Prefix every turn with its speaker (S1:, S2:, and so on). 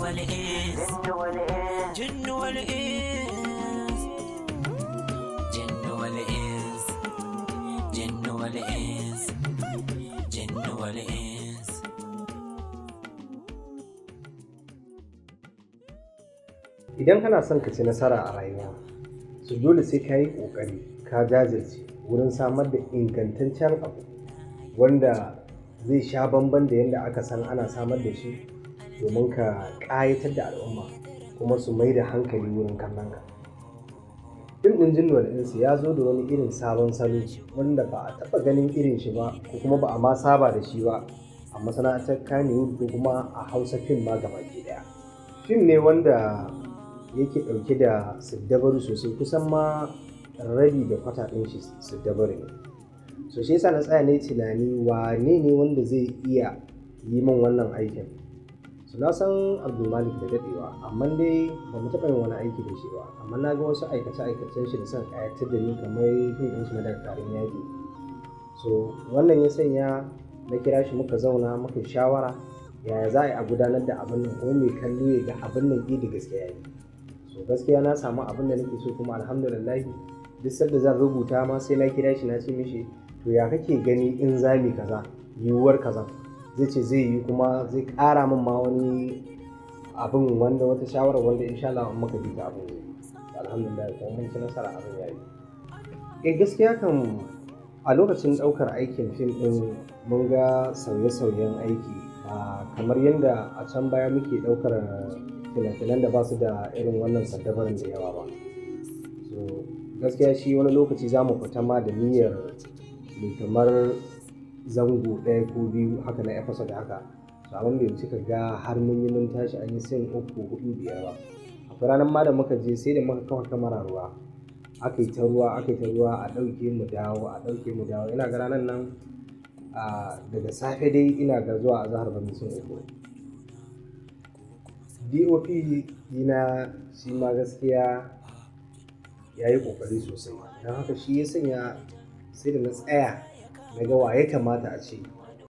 S1: Idan kana son ka ci nasara a rayuwa, su dole sai ka yi ƙoƙari ka jajirce wurin samar da ingantaccen abu wanda zai sha bamban da yadda aka san ana samar da shi domin ka ƙayatar da al'umma kuma su mai da hankali wurin kallon ka fim ɗin jinnuwar ɗinsu ya zo da wani irin sabon salo wanda ba a taɓa ganin irin shi ba ko kuma ba a ma saba da shi ba a masana'antar kaniwood ko kuma a hausa fim ma gaba ke ɗaya fim ne wanda yake ɗauke da siddabaru sosai kusan ma rabi da kwata ɗin shi siddabaru ne so shi yasa na tsaya ne tunani wane ne wanda zai iya yi min wannan aikin su na san abdulmalik da daɗewa amma dai ba mu taɓa yin wani aiki da shi ba amma na ga wasu aikace-aikacen shi da son kayatar da ni kamar yin shi na dakarun yaƙi so wannan ya sanya na kira shi muka zauna muka shawara yaya za a gudanar da abin nan kuma mai kallo ya ga abin nan ƙi da gaskiya ne so gaskiya na samu abin da nake so kuma alhamdulillah duk sanda zan rubuta ma sai na kira shi na ce mishi to ya kake gani in zami kaza yiwuwar kaza zai ce zai yi kuma zai ƙara min ma wani abin wanda wata shawara wanda insha Allah in muka bi ta abin alhamdulillah kuma mun ci nasara abin yayi eh gaskiya kan a lokacin ɗaukar aikin fim ɗin mun ga sauye-sauyen aiki ba ah, kamar yadda a can baya muke ɗaukar finan da ba su da irin wannan saddabarin da yawa ba gaskiya shi wani lokaci za mu fita ma da niyyar mai kamar zango ɗaya ko biyu haka na da haka to amma bai suka ga har mun yi mun tashi an yi sin uku hudu biyar ba akwai ranar ma da muka je sai da muka kafa kamar ruwa aka yi ta ruwa aka yi ta ruwa a ɗauke mu dawo a ɗauke mu dawo ina ga ranar nan daga safe dai ina ga zuwa a zahar ba sun uku dop dina shi ma gaskiya ya yi ƙoƙari sosai don haka shi ya sanya sai da na tsaya na ga waye kamata a ce